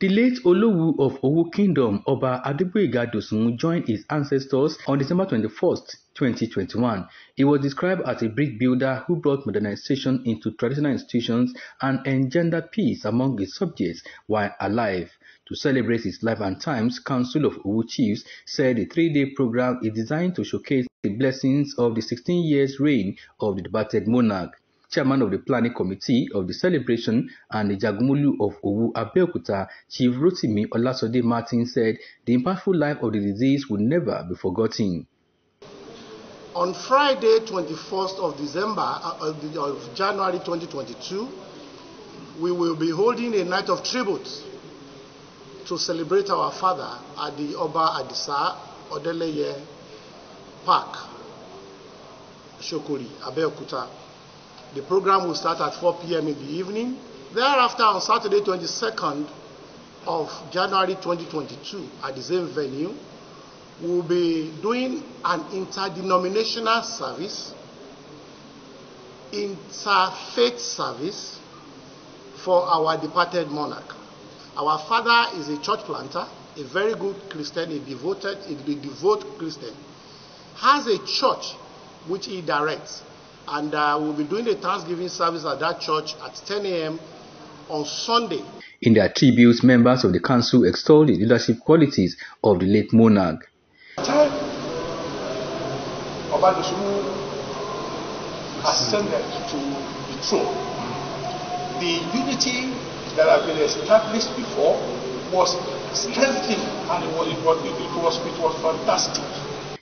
The late Olowu of Owo Kingdom, Oba Adegboyega Dosunmu joined his ancestors on December 21, 2021. He was described as a brick builder who brought modernization into traditional institutions and engendered peace among his subjects while alive. To celebrate his life and times, Council of Owu Chiefs said the three-day program is designed to showcase the blessings of the 16 years reign of the departed monarch chairman of the planning committee of the celebration, and the Jagumulu of Owu Abeokuta, Chief Rotimi Olasode Martin said the impactful life of the disease will never be forgotten. On Friday, 21st of December uh, of January 2022, we will be holding a night of tribute to celebrate our father at the Oba Adisa Odeleye Park, Shokuri, Abeokuta. The program will start at 4 p.m. in the evening. Thereafter, on Saturday, 22nd of January 2022, at the same venue, we will be doing an interdenominational service, interfaith service for our departed monarch. Our father is a church planter, a very good Christian, a devoted, a devout Christian, has a church which he directs and uh, we'll be doing the Thanksgiving service at that church at 10 a.m. on Sunday. In their tributes, members of the council extolled the leadership qualities of the late monarch. Obadosumu ascended to the throne. The unity that had been established before was strengthened and it was, it was, it was, it was fantastic.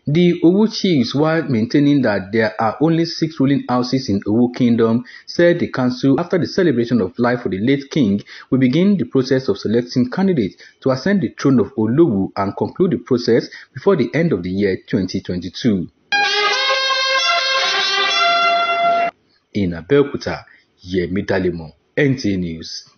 The Owu chiefs, while maintaining that there are only six ruling houses in Owu Kingdom, said the council, after the celebration of life for the late king, will begin the process of selecting candidates to ascend the throne of Olowu and conclude the process before the end of the year 2022. In Abeokuta, Yemi Dalemo, NTA News.